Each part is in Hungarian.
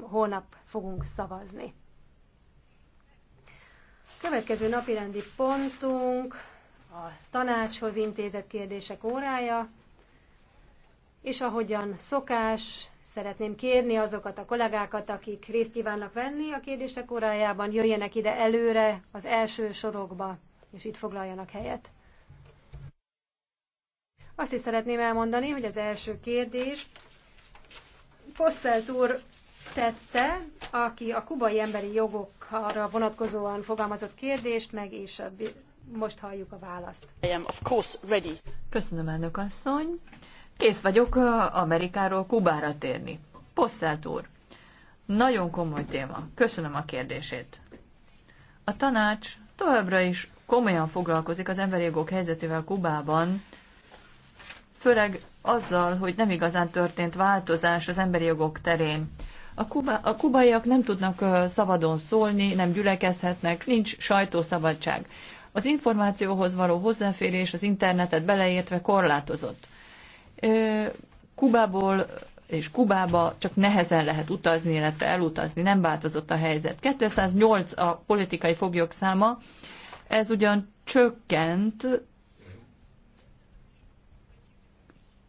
holnap fogunk szavazni. Következő napirendi pontunk a tanácshoz intézett kérdések órája, és ahogyan szokás, szeretném kérni azokat a kollégákat, akik részt kívánnak venni a kérdések órájában, jöjjenek ide előre az első sorokba, és itt foglaljanak helyet. Azt is szeretném elmondani, hogy az első kérdés Posselt úr tette, aki a kubai emberi jogokra vonatkozóan fogalmazott kérdést, meg és most halljuk a választ. I am of course ready. Köszönöm, elnök asszony. Kész vagyok Amerikáról Kubára térni. Posszelt úr, nagyon komoly téma. Köszönöm a kérdését. A tanács továbbra is komolyan foglalkozik az emberi jogok helyzetével Kubában, főleg azzal, hogy nem igazán történt változás az emberi jogok terén. A, kuba, a kubaiak nem tudnak szabadon szólni, nem gyülekezhetnek, nincs sajtószabadság. Az információhoz való hozzáférés az internetet beleértve korlátozott. Kubából és Kubába csak nehezen lehet utazni, illetve elutazni, nem változott a helyzet. 208 a politikai foglyok száma, ez ugyan csökkent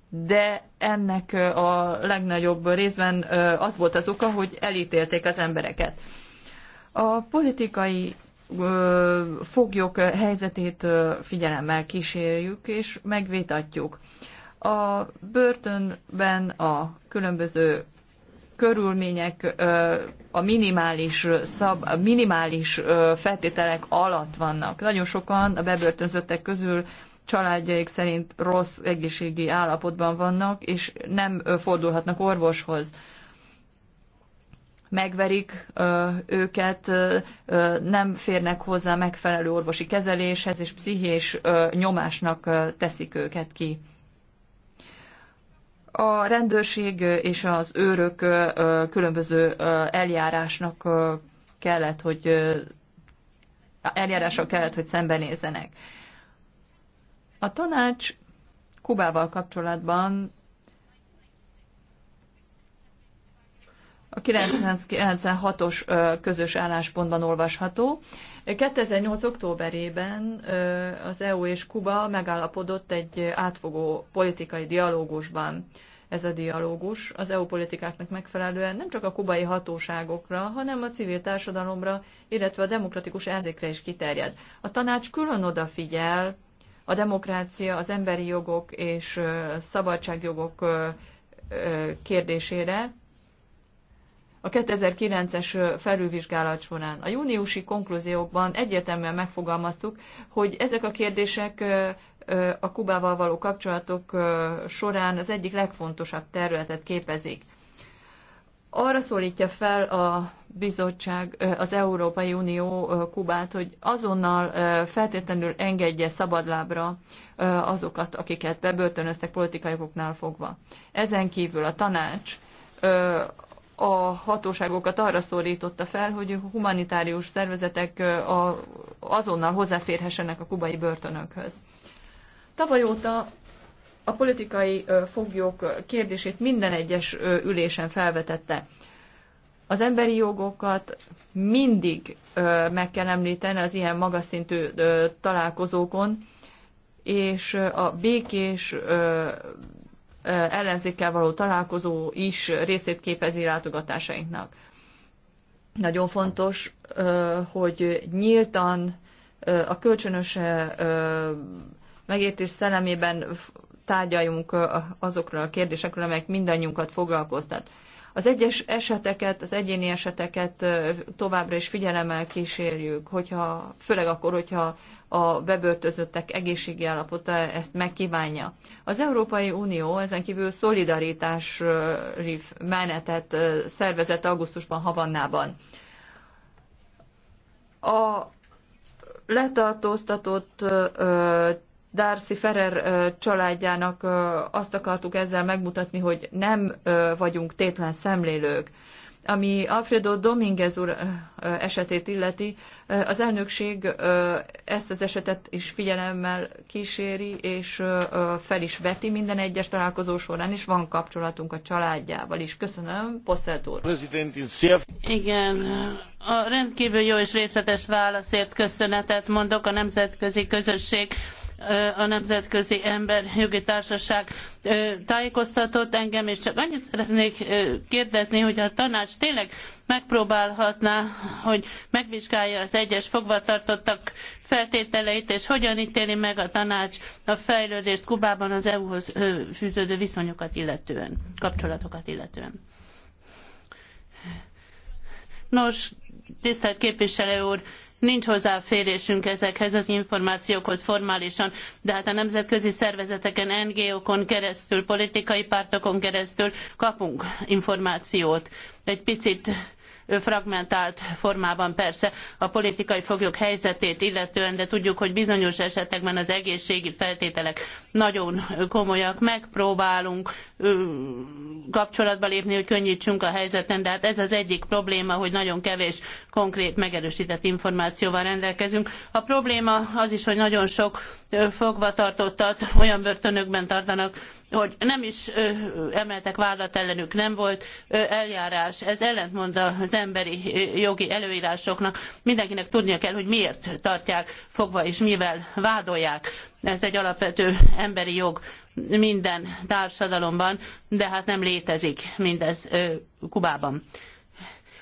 de ennek a legnagyobb részben az volt az oka, hogy elítélték az embereket. A politikai foglyok helyzetét figyelemmel kísérjük és megvitatjuk. A börtönben a különböző körülmények a minimális, szab, a minimális feltételek alatt vannak. Nagyon sokan a bebörtönzöttek közül családjaik szerint rossz egészségi állapotban vannak, és nem fordulhatnak orvoshoz. Megverik őket, nem férnek hozzá megfelelő orvosi kezeléshez, és pszichés nyomásnak teszik őket ki a rendőrség és az őrök különböző eljárásnak kellett, hogy eljárással kellett, hogy szembenézzenek. A tanács Kubával kapcsolatban a 996-os közös álláspontban olvasható. 2008. októberében az EU és Kuba megállapodott egy átfogó politikai dialógusban. Ez a dialógus az EU politikáknak megfelelően nem csak a kubai hatóságokra, hanem a civil társadalomra, illetve a demokratikus ellenzékre is kiterjed. A tanács külön odafigyel a demokrácia, az emberi jogok és szabadságjogok kérdésére a 2009-es felülvizsgálat során. A júniusi konklúziókban egyértelműen megfogalmaztuk, hogy ezek a kérdések a Kubával való kapcsolatok során az egyik legfontosabb területet képezik. Arra szólítja fel a bizottság, az Európai Unió Kubát, hogy azonnal feltétlenül engedje szabadlábra azokat, akiket bebörtönöztek politikai okoknál fogva. Ezen kívül a tanács a hatóságokat arra szólította fel, hogy humanitárius szervezetek azonnal hozzáférhessenek a kubai börtönökhöz. Tavaly óta a politikai foglyok kérdését minden egyes ülésen felvetette. Az emberi jogokat mindig ö, meg kell említeni az ilyen magas szintű ö, találkozókon, és a békés ö, ellenzékkel való találkozó is részét képezi látogatásainknak. Nagyon fontos, hogy nyíltan a kölcsönös megértés szellemében tárgyaljunk azokról a kérdésekről, amelyek mindannyiunkat foglalkoztat. Az egyes eseteket, az egyéni eseteket továbbra is figyelemmel kísérjük, hogyha, főleg akkor, hogyha a bebörtözöttek egészségi állapota ezt megkívánja. Az Európai Unió ezen kívül szolidaritási menetet szervezett augusztusban Havannában. A letartóztatott Darcy Ferrer családjának azt akartuk ezzel megmutatni, hogy nem vagyunk tétlen szemlélők. Ami Alfredo Dominguez úr esetét illeti, az elnökség ezt az esetet is figyelemmel kíséri, és fel is veti minden egyes találkozó során, és van kapcsolatunk a családjával is. Köszönöm, Poszelt úr. Igen, a rendkívül jó és részletes válaszért köszönetet mondok a nemzetközi közösség a Nemzetközi Emberjogi Társaság tájékoztatott engem, és csak annyit szeretnék kérdezni, hogy a tanács tényleg megpróbálhatná, hogy megvizsgálja az egyes fogvatartottak feltételeit, és hogyan ítéli meg a tanács a fejlődést Kubában az EU-hoz fűződő viszonyokat illetően, kapcsolatokat illetően. Nos, tisztelt képviselő úr, Nincs hozzáférésünk ezekhez az információkhoz formálisan, de hát a nemzetközi szervezeteken, NGO-kon keresztül, politikai pártokon keresztül kapunk információt. Egy picit fragmentált formában persze a politikai foglyok helyzetét illetően, de tudjuk, hogy bizonyos esetekben az egészségi feltételek nagyon komolyak. Megpróbálunk kapcsolatba lépni, hogy könnyítsünk a helyzeten, de hát ez az egyik probléma, hogy nagyon kevés konkrét megerősített információval rendelkezünk. A probléma az is, hogy nagyon sok fogvatartottat olyan börtönökben tartanak, hogy nem is emeltek vádat ellenük, nem volt eljárás. Ez ellentmond az emberi jogi előírásoknak. Mindenkinek tudnia kell, hogy miért tartják fogva és mivel vádolják. Ez egy alapvető emberi jog minden társadalomban, de hát nem létezik mindez Kubában,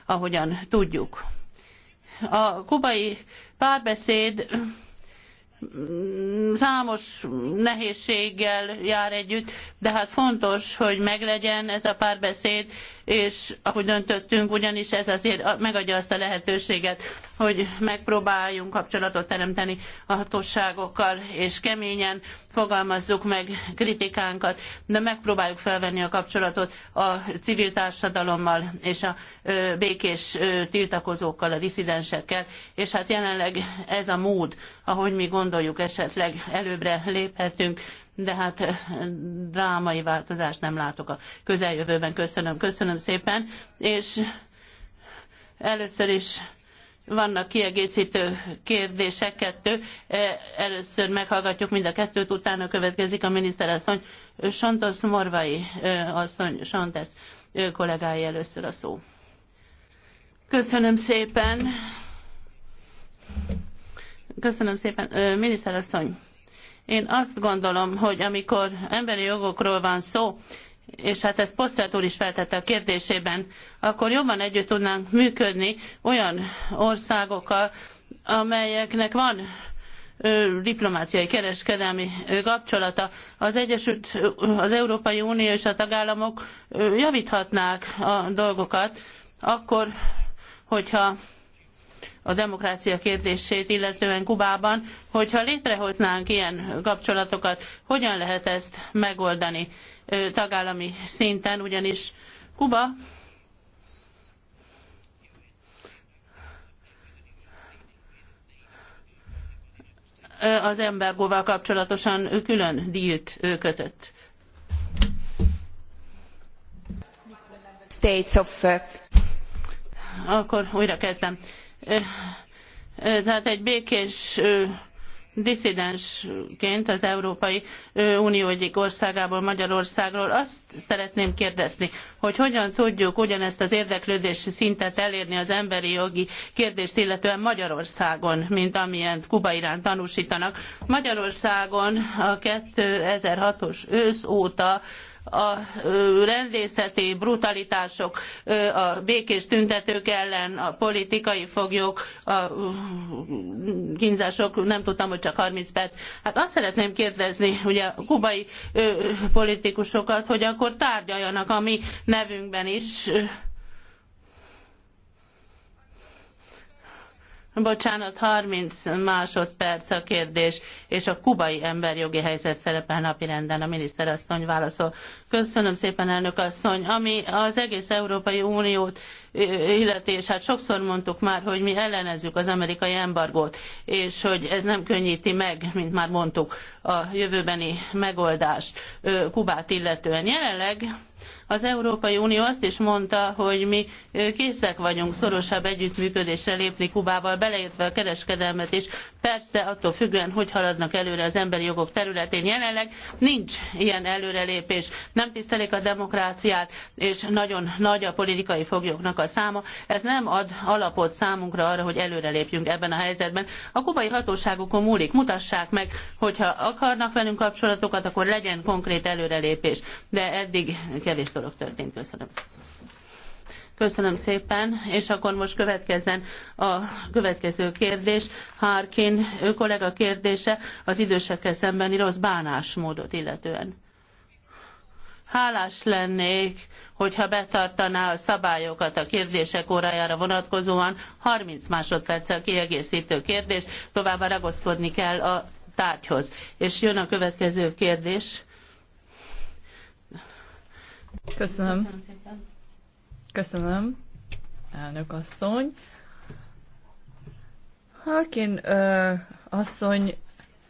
ahogyan tudjuk. A kubai párbeszéd számos nehézséggel jár együtt, de hát fontos, hogy meglegyen ez a párbeszéd, és ahogy döntöttünk, ugyanis ez azért megadja azt a lehetőséget, hogy megpróbáljunk kapcsolatot teremteni a hatóságokkal, és keményen fogalmazzuk meg kritikánkat, de megpróbáljuk felvenni a kapcsolatot a civil társadalommal és a békés tiltakozókkal, a disszidensekkel, és hát jelenleg ez a mód, ahogy mi gondoljuk esetleg előbbre léphetünk, de hát drámai változást nem látok a közeljövőben. Köszönöm, köszönöm szépen, és először is vannak kiegészítő kérdések, kettő. E, először meghallgatjuk mind a kettőt, utána következik a miniszterasszony Santos Morvai e, asszony, Santos e, kollégái először a szó. Köszönöm szépen. Köszönöm szépen. Miniszterasszony, én azt gondolom, hogy amikor emberi jogokról van szó, és hát ezt Posztelt úr is feltette a kérdésében, akkor jobban együtt tudnánk működni olyan országokkal, amelyeknek van diplomáciai kereskedelmi kapcsolata. Az Egyesült, az Európai Unió és a tagállamok javíthatnák a dolgokat, akkor, hogyha a demokrácia kérdését, illetően Kubában, hogyha létrehoznánk ilyen kapcsolatokat, hogyan lehet ezt megoldani tagállami szinten, ugyanis Kuba az embergóval kapcsolatosan külön dílt kötött. States of... Akkor újra kezdem Eh, eh, tehát egy békés diszidensként az Európai Unió egyik országából, Magyarországról. Azt szeretném kérdezni, hogy hogyan tudjuk ugyanezt az érdeklődési szintet elérni az emberi jogi kérdést, illetően Magyarországon, mint amilyen Kuba iránt tanúsítanak. Magyarországon a 2006-os ősz óta a rendészeti brutalitások, a békés tüntetők ellen, a politikai foglyok, a kínzások, nem tudtam, hogy csak 30 perc. Hát azt szeretném kérdezni, ugye a kubai politikusokat, hogy akkor tárgyaljanak a mi nevünkben is, Bocsánat, 30 másodperc a kérdés, és a kubai emberjogi helyzet szerepel napirenden, a miniszterasszony válaszol. Köszönöm szépen, elnök asszony. Ami az egész Európai Uniót illeti, és hát sokszor mondtuk már, hogy mi ellenezzük az amerikai embargót, és hogy ez nem könnyíti meg, mint már mondtuk, a jövőbeni megoldást Kubát illetően. Jelenleg az Európai Unió azt is mondta, hogy mi készek vagyunk szorosabb együttműködésre lépni Kubával, beleértve a kereskedelmet is, persze attól függően, hogy haladnak előre az emberi jogok területén. Jelenleg nincs ilyen előrelépés, nem tisztelik a demokráciát, és nagyon nagy a politikai foglyoknak a a száma, ez nem ad alapot számunkra arra, hogy előrelépjünk ebben a helyzetben. A kubai hatóságokon múlik, mutassák meg, hogyha akarnak velünk kapcsolatokat, akkor legyen konkrét előrelépés. De eddig kevés dolog történt. Köszönöm. Köszönöm szépen, és akkor most következzen a következő kérdés. Harkin kollega kérdése az idősekkel szembeni rossz bánásmódot illetően. Hálás lennék, hogyha betartaná a szabályokat a kérdések órájára vonatkozóan, 30 másodperccel kiegészítő kérdés, továbbá ragaszkodni kell a tárgyhoz. És jön a következő kérdés. Köszönöm. Köszönöm, elnök asszony. Harkin ö, asszony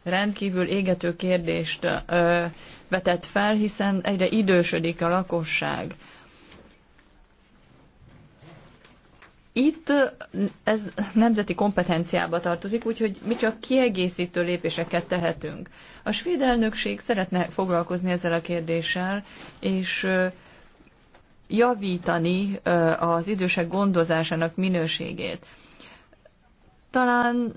rendkívül égető kérdést ö, vetett fel, hiszen egyre idősödik a lakosság. Itt ez nemzeti kompetenciába tartozik, úgyhogy mi csak kiegészítő lépéseket tehetünk. A svéd elnökség szeretne foglalkozni ezzel a kérdéssel, és javítani az idősek gondozásának minőségét. Talán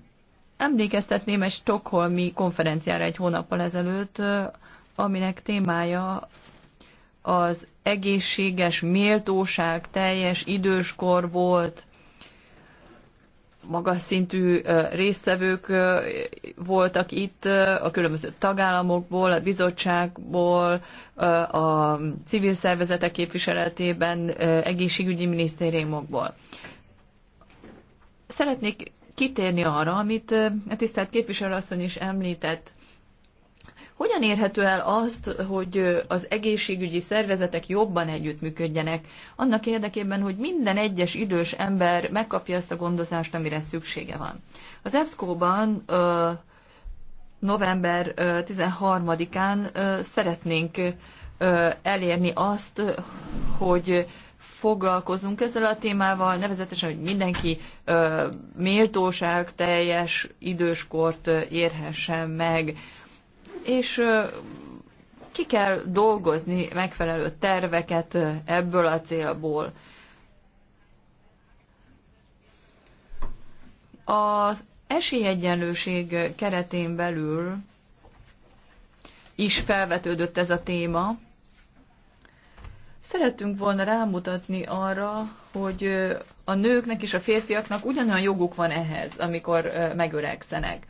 Emlékeztetném egy stokholmi konferenciára egy hónappal ezelőtt, aminek témája az egészséges méltóság teljes időskor volt, magas szintű résztvevők voltak itt a különböző tagállamokból, a bizottságból, a civil szervezetek képviseletében, egészségügyi minisztériumokból. Szeretnék kitérni arra, amit a tisztelt képviselőasszony is említett. Hogyan érhető el azt, hogy az egészségügyi szervezetek jobban együttműködjenek, annak érdekében, hogy minden egyes idős ember megkapja azt a gondozást, amire szüksége van? Az EBSZKO-ban november 13-án szeretnénk elérni azt, hogy foglalkozunk ezzel a témával, nevezetesen, hogy mindenki ö, méltóság teljes időskort érhessen meg, és ö, ki kell dolgozni megfelelő terveket ebből a célból. Az esélyegyenlőség keretén belül is felvetődött ez a téma, Szeretünk volna rámutatni arra, hogy a nőknek és a férfiaknak ugyanolyan joguk van ehhez, amikor megöregszenek.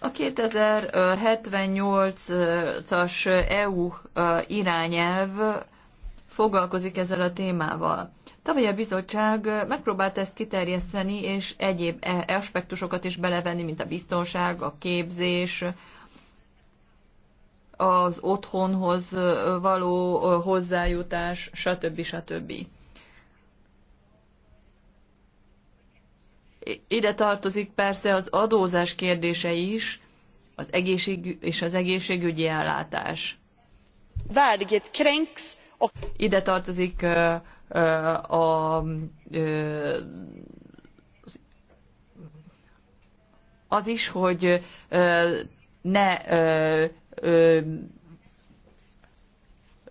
A 2078-as EU irányelv foglalkozik ezzel a témával. Tavaly a bizottság megpróbált ezt kiterjeszteni, és egyéb e, aspektusokat is belevenni, mint a biztonság, a képzés, az otthonhoz való hozzájutás, stb. stb. Ide tartozik persze az adózás kérdése is, az egészség és az egészségügyi ellátás. Ide tartozik a, a, az is, hogy ne ö,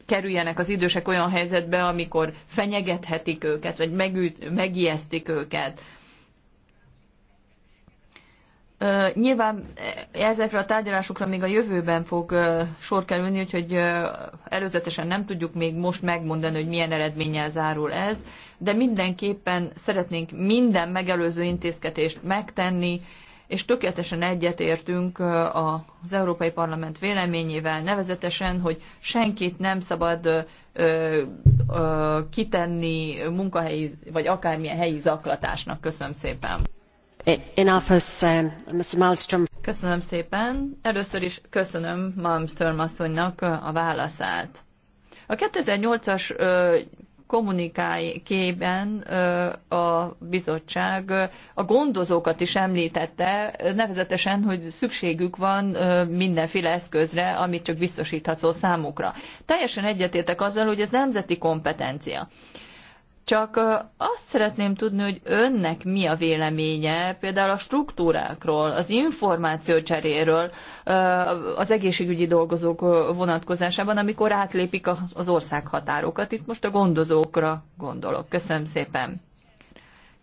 kerüljenek az idősek olyan helyzetbe, amikor fenyegethetik őket, vagy megüt, megijesztik őket. Ö, nyilván ezekre a tárgyalásokra még a jövőben fog ö, sor kerülni, úgyhogy ö, előzetesen nem tudjuk még most megmondani, hogy milyen eredménnyel zárul ez, de mindenképpen szeretnénk minden megelőző intézkedést megtenni, és tökéletesen egyetértünk az Európai Parlament véleményével, nevezetesen, hogy senkit nem szabad kitenni munkahelyi vagy akármilyen helyi zaklatásnak. Köszönöm szépen. In office, uh, Mr. Malmström. Köszönöm szépen. Először is köszönöm Malmström asszonynak a válaszát. A 2008-as kommunikájében a bizottság a gondozókat is említette, nevezetesen, hogy szükségük van mindenféle eszközre, amit csak biztosítható számukra. Teljesen egyetértek azzal, hogy ez nemzeti kompetencia. Csak azt szeretném tudni, hogy önnek mi a véleménye például a struktúrákról, az információcseréről, az egészségügyi dolgozók vonatkozásában, amikor átlépik az országhatárokat. Itt most a gondozókra gondolok. Köszönöm szépen.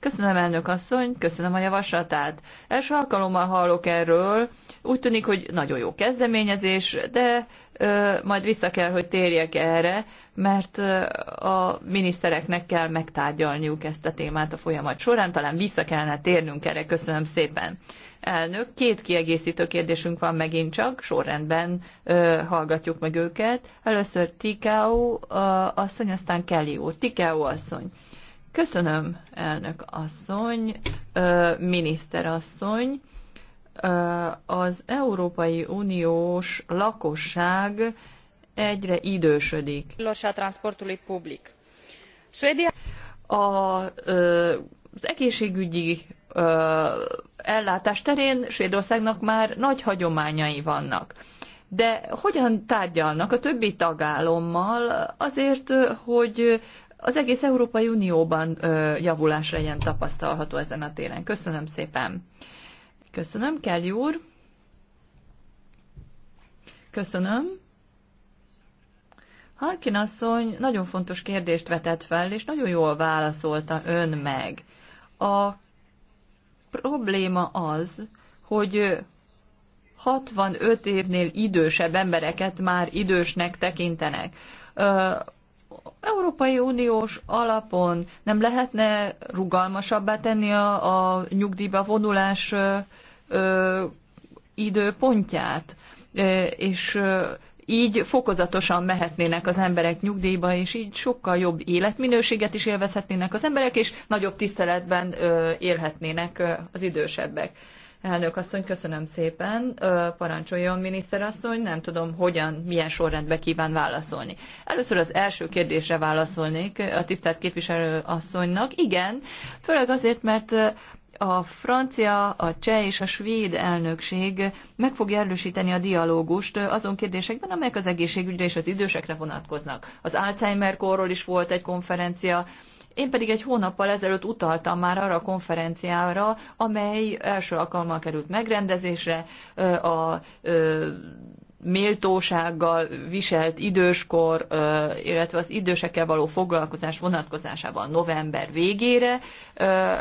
Köszönöm, elnök asszony, köszönöm a javaslatát. Első alkalommal hallok erről, úgy tűnik, hogy nagyon jó kezdeményezés, de ö, majd vissza kell, hogy térjek erre, mert ö, a minisztereknek kell megtárgyalniuk ezt a témát a folyamat során, talán vissza kellene térnünk erre, köszönöm szépen. Elnök, két kiegészítő kérdésünk van megint csak, sorrendben ö, hallgatjuk meg őket. Először Tikau asszony, aztán Kelly úr. Tikau asszony. Köszönöm, elnök asszony, miniszter asszony. Az Európai Uniós lakosság egyre idősödik. A, az egészségügyi ellátás terén Svédországnak már nagy hagyományai vannak. De hogyan tárgyalnak a többi tagállommal azért, hogy az egész Európai Unióban ö, javulás legyen tapasztalható ezen a téren. Köszönöm szépen. Köszönöm, Kelly úr. Köszönöm. Harkin asszony nagyon fontos kérdést vetett fel, és nagyon jól válaszolta ön meg. A probléma az, hogy 65 évnél idősebb embereket már idősnek tekintenek Európai Uniós alapon nem lehetne rugalmasabbá tenni a, a nyugdíjba vonulás ö, ö, időpontját, ö, és ö, így fokozatosan mehetnének az emberek nyugdíjba, és így sokkal jobb életminőséget is élvezhetnének az emberek, és nagyobb tiszteletben ö, élhetnének ö, az idősebbek. Elnök asszony, köszönöm szépen. Parancsoljon, miniszter asszony, nem tudom, hogyan, milyen sorrendbe kíván válaszolni. Először az első kérdésre válaszolnék a tisztelt képviselő asszonynak. Igen, főleg azért, mert a francia, a cseh és a svéd elnökség meg fogja erősíteni a dialógust azon kérdésekben, amelyek az egészségügyre és az idősekre vonatkoznak. Az Alzheimer korról is volt egy konferencia, én pedig egy hónappal ezelőtt utaltam már arra a konferenciára, amely első alkalommal került megrendezésre a méltósággal viselt időskor, illetve az idősekkel való foglalkozás vonatkozásában november végére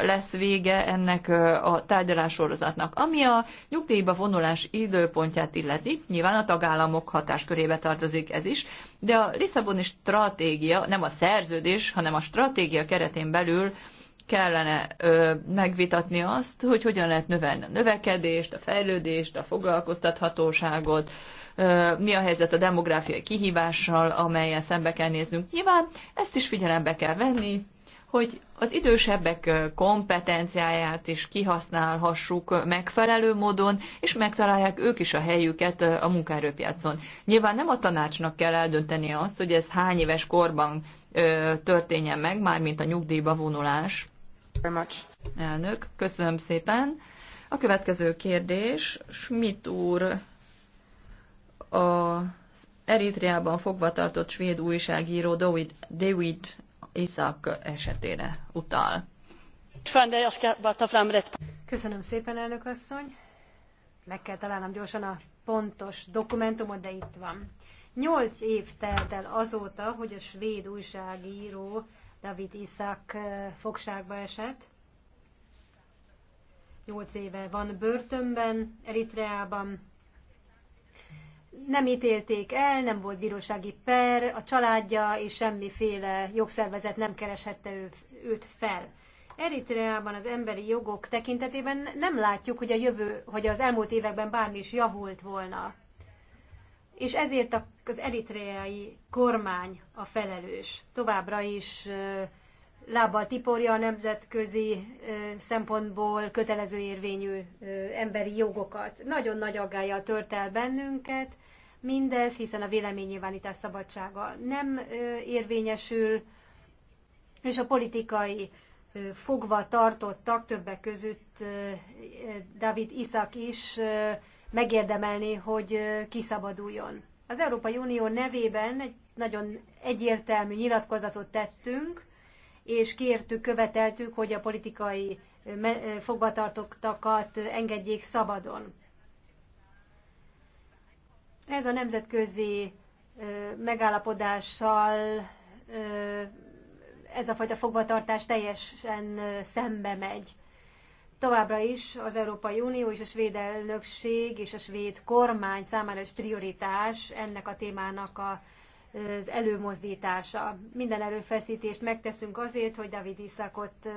lesz vége ennek a tárgyalássorozatnak. Ami a nyugdíjba vonulás időpontját illeti, nyilván a tagállamok hatáskörébe tartozik ez is, de a Lisszaboni stratégia, nem a szerződés, hanem a stratégia keretén belül kellene ö, megvitatni azt, hogy hogyan lehet növelni a növekedést, a fejlődést, a foglalkoztathatóságot, mi a helyzet a demográfiai kihívással, amelyel szembe kell néznünk. Nyilván ezt is figyelembe kell venni, hogy az idősebbek kompetenciáját is kihasználhassuk megfelelő módon, és megtalálják ők is a helyüket a munkaerőpiacon. Nyilván nem a tanácsnak kell eldönteni azt, hogy ez hány éves korban történjen meg, mármint a nyugdíjba vonulás. Elnök, köszönöm szépen. A következő kérdés Schmidt úr a Eritreában fogvatartott svéd újságíró David, David Isaac esetére utal. Köszönöm szépen, elnök asszony. Meg kell találnom gyorsan a pontos dokumentumot, de itt van. Nyolc év telt el azóta, hogy a svéd újságíró David Isaac eh, fogságba esett. Nyolc éve van börtönben, Eritreában, nem ítélték el, nem volt bírósági per, a családja és semmiféle jogszervezet nem kereshette ő, őt fel. Eritreában az emberi jogok tekintetében nem látjuk, hogy a jövő, hogy az elmúlt években bármi is javult volna. És ezért az eritreai kormány a felelős. Továbbra is lábbal tiporja a nemzetközi szempontból kötelező érvényű emberi jogokat. Nagyon nagy aggája tört el bennünket, mindez, hiszen a véleménynyilvánítás szabadsága nem érvényesül, és a politikai fogva tartottak, többek között David Iszak is megérdemelni, hogy kiszabaduljon. Az Európai Unió nevében egy nagyon egyértelmű nyilatkozatot tettünk, és kértük, követeltük, hogy a politikai fogvatartottakat engedjék szabadon. Ez a nemzetközi megállapodással ez a fajta fogvatartás teljesen szembe megy. Továbbra is az Európai Unió és a svéd elnökség és a svéd kormány számára is prioritás ennek a témának a, az előmozdítása. Minden erőfeszítést megteszünk azért, hogy David Iszakot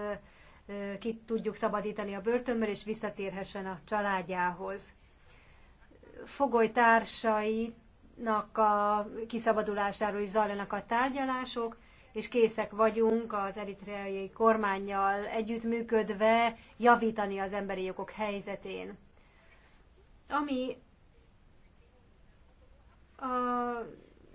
ki tudjuk szabadítani a börtönből, és visszatérhessen a családjához társainak a kiszabadulásáról is zajlanak a tárgyalások, és készek vagyunk az eritreai kormányjal együttműködve javítani az emberi jogok helyzetén. Ami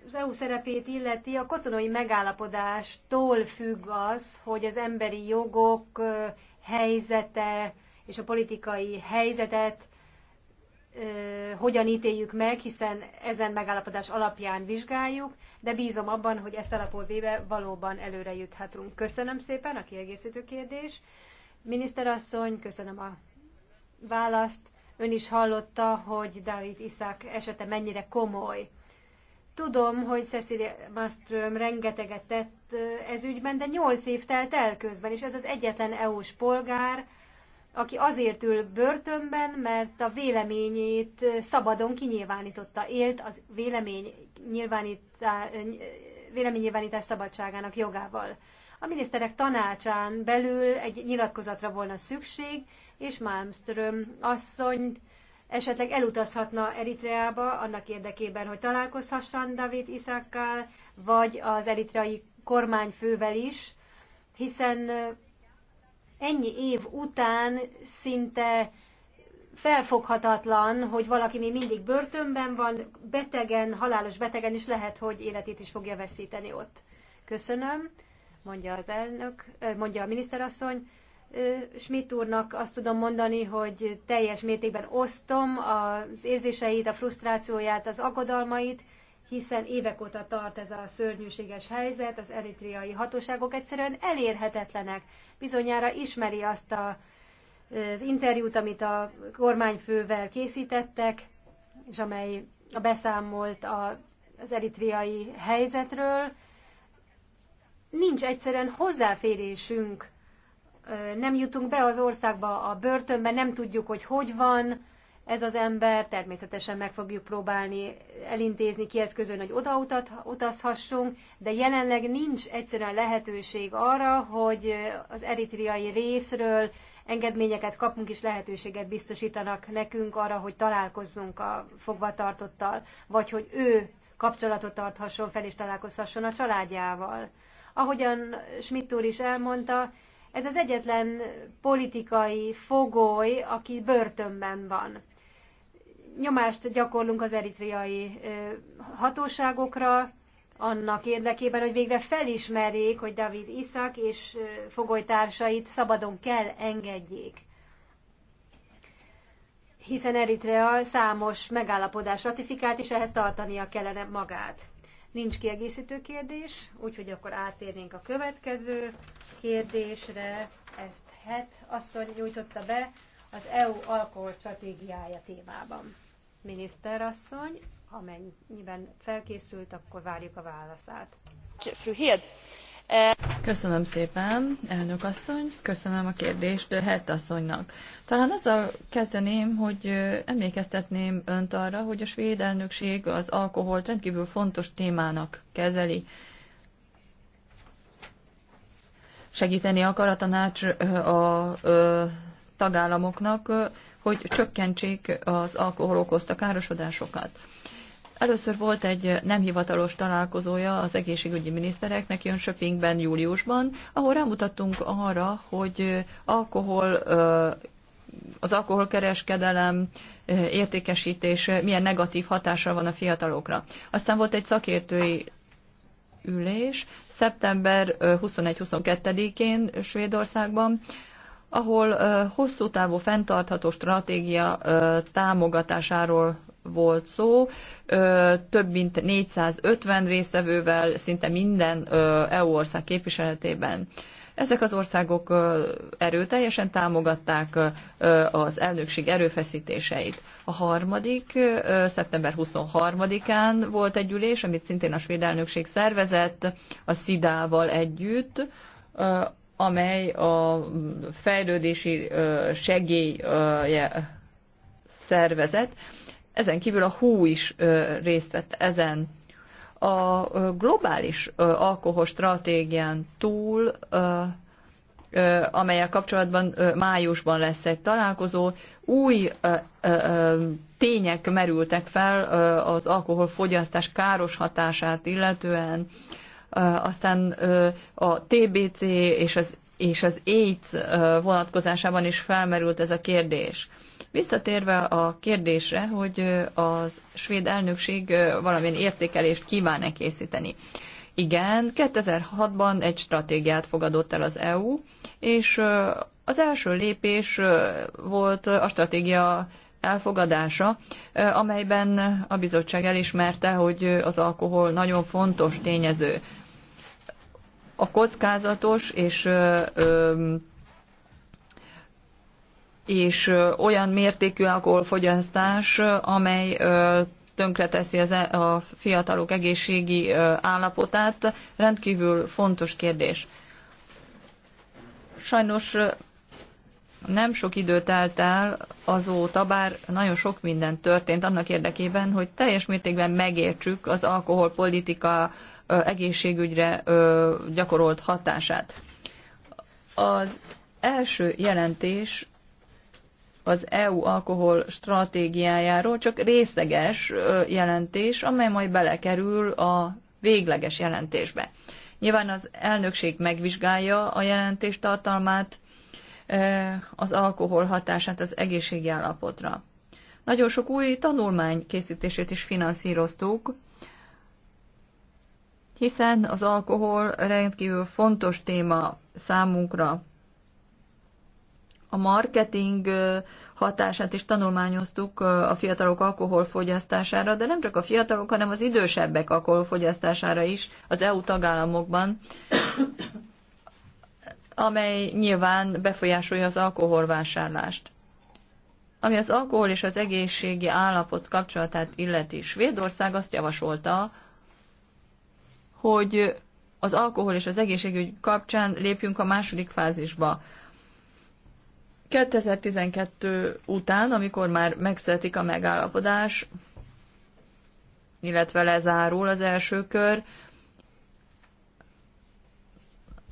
az EU szerepét illeti, a kotonai megállapodástól függ az, hogy az emberi jogok helyzete és a politikai helyzetet hogyan ítéljük meg, hiszen ezen megállapodás alapján vizsgáljuk, de bízom abban, hogy ezt alapul véve valóban előre juthatunk. Köszönöm szépen a kiegészítő kérdés. Miniszterasszony, köszönöm a választ. Ön is hallotta, hogy David Iszák esete mennyire komoly. Tudom, hogy Cecilia Maström rengeteget tett ez ügyben, de nyolc év telt el közben, és ez az egyetlen EU-s polgár, aki azért ül börtönben, mert a véleményét szabadon kinyilvánította, élt az vélemény nyilvánítá, véleménynyilvánítás szabadságának jogával. A miniszterek tanácsán belül egy nyilatkozatra volna szükség, és Malmström asszonyt esetleg elutazhatna Eritreába annak érdekében, hogy találkozhasson David Isakkal, vagy az eritreai kormányfővel is, hiszen ennyi év után szinte felfoghatatlan, hogy valaki még mindig börtönben van, betegen, halálos betegen is lehet, hogy életét is fogja veszíteni ott. Köszönöm, mondja az elnök, mondja a miniszterasszony. Schmidt úrnak azt tudom mondani, hogy teljes mértékben osztom az érzéseit, a frusztrációját, az aggodalmait, hiszen évek óta tart ez a szörnyűséges helyzet, az eritriai hatóságok egyszerűen elérhetetlenek. Bizonyára ismeri azt a, az interjút, amit a kormányfővel készítettek, és amely a beszámolt a, az eritriai helyzetről. Nincs egyszerűen hozzáférésünk, nem jutunk be az országba, a börtönbe, nem tudjuk, hogy hogy van, ez az ember, természetesen meg fogjuk próbálni elintézni, kieszközölni, hogy odautazhassunk, de jelenleg nincs egyszerűen lehetőség arra, hogy az eritriai részről engedményeket kapunk és lehetőséget biztosítanak nekünk arra, hogy találkozzunk a fogvatartottal, vagy hogy ő kapcsolatot tarthasson fel és találkozhasson a családjával. Ahogyan Schmidt úr is elmondta, ez az egyetlen politikai fogoly, aki börtönben van nyomást gyakorlunk az eritreai hatóságokra, annak érdekében, hogy végre felismerjék, hogy David Iszak és fogolytársait szabadon kell engedjék. Hiszen Eritrea számos megállapodás ratifikált, és ehhez tartania kellene magát. Nincs kiegészítő kérdés, úgyhogy akkor átérnénk a következő kérdésre. Ezt het asszony nyújtotta be az EU alkoholstratégiája témában miniszterasszony, amennyiben felkészült, akkor várjuk a válaszát. Eh, köszönöm szépen, elnök asszony, köszönöm a kérdést Hett asszonynak. Talán a kezdeném, hogy eh, emlékeztetném önt arra, hogy a svéd elnökség az alkoholt rendkívül fontos témának kezeli. Segíteni akar a tanács eh, a, a, a tagállamoknak, hogy csökkentsék az alkohol okozta károsodásokat. Először volt egy nem hivatalos találkozója az egészségügyi minisztereknek Söpingben júliusban, ahol rámutattunk arra, hogy alkohol, az alkoholkereskedelem értékesítés milyen negatív hatással van a fiatalokra. Aztán volt egy szakértői ülés szeptember 21-22-én Svédországban, ahol hosszú távú fenntartható stratégia támogatásáról volt szó, több mint 450 résztvevővel, szinte minden EU ország képviseletében. Ezek az országok erőteljesen támogatták az elnökség erőfeszítéseit. A harmadik, szeptember 23-án volt egy ülés, amit szintén a svéd elnökség szervezett a sida val együtt, amely a fejlődési segély szervezet. Ezen kívül a HÚ is részt vett ezen. A globális alkohol stratégián túl, amelyel kapcsolatban májusban lesz egy találkozó, új tények merültek fel az alkoholfogyasztás káros hatását illetően, aztán a TBC és az, és az AIDS vonatkozásában is felmerült ez a kérdés. Visszatérve a kérdésre, hogy a svéd elnökség valamilyen értékelést kíván-e készíteni. Igen, 2006-ban egy stratégiát fogadott el az EU, és az első lépés volt a stratégia elfogadása, amelyben a bizottság elismerte, hogy az alkohol nagyon fontos tényező a kockázatos és és olyan mértékű alkoholfogyasztás, amely tönkreteszi e- a fiatalok egészségi állapotát, rendkívül fontos kérdés. Sajnos nem sok idő telt el azóta, bár nagyon sok minden történt annak érdekében, hogy teljes mértékben megértsük az alkoholpolitika egészségügyre gyakorolt hatását. Az első jelentés az EU alkohol stratégiájáról csak részleges jelentés, amely majd belekerül a végleges jelentésbe. Nyilván az elnökség megvizsgálja a jelentés tartalmát, az alkohol hatását az egészségi állapotra. Nagyon sok új tanulmány készítését is finanszíroztuk, hiszen az alkohol rendkívül fontos téma számunkra. A marketing hatását is tanulmányoztuk a fiatalok alkoholfogyasztására, de nem csak a fiatalok, hanem az idősebbek alkoholfogyasztására is az EU tagállamokban, amely nyilván befolyásolja az alkoholvásárlást. Ami az alkohol és az egészségi állapot kapcsolatát illeti, Svédország azt javasolta, hogy az alkohol és az egészségügy kapcsán lépjünk a második fázisba. 2012 után, amikor már megszületik a megállapodás, illetve lezárul az első kör,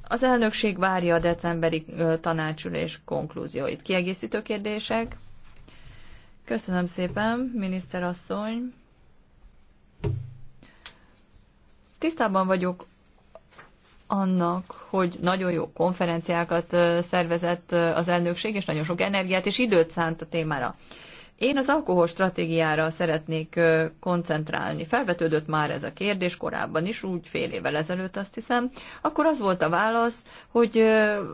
az elnökség várja a decemberi tanácsülés konklúzióit. Kiegészítő kérdések? Köszönöm szépen, miniszterasszony. Tisztában vagyok annak, hogy nagyon jó konferenciákat szervezett az elnökség, és nagyon sok energiát és időt szánt a témára. Én az alkohol stratégiára szeretnék koncentrálni. Felvetődött már ez a kérdés korábban is, úgy fél évvel ezelőtt azt hiszem. Akkor az volt a válasz, hogy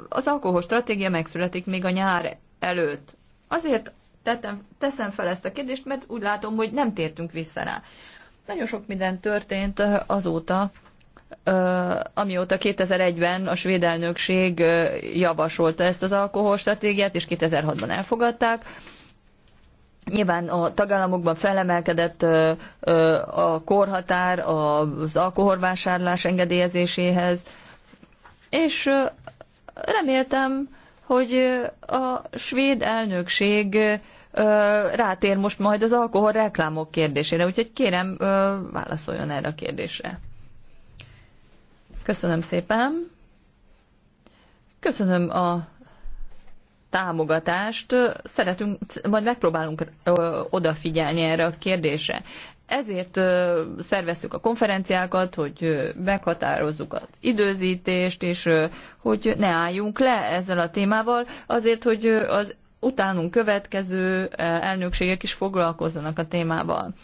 az alkohol stratégia megszületik még a nyár előtt. Azért tettem, teszem fel ezt a kérdést, mert úgy látom, hogy nem tértünk vissza rá. Nagyon sok minden történt azóta, amióta 2001-ben a svéd elnökség javasolta ezt az alkoholstratégiát, és 2006-ban elfogadták. Nyilván a tagállamokban felemelkedett a korhatár az alkoholvásárlás engedélyezéséhez, és reméltem, hogy a svéd elnökség rátér most majd az alkohol reklámok kérdésére, úgyhogy kérem, válaszoljon erre a kérdésre. Köszönöm szépen. Köszönöm a támogatást. Szeretünk, majd megpróbálunk odafigyelni erre a kérdésre. Ezért szerveztük a konferenciákat, hogy meghatározzuk az időzítést, és hogy ne álljunk le ezzel a témával, azért, hogy az utánunk következő eh, elnökségek is foglalkozzanak a témával.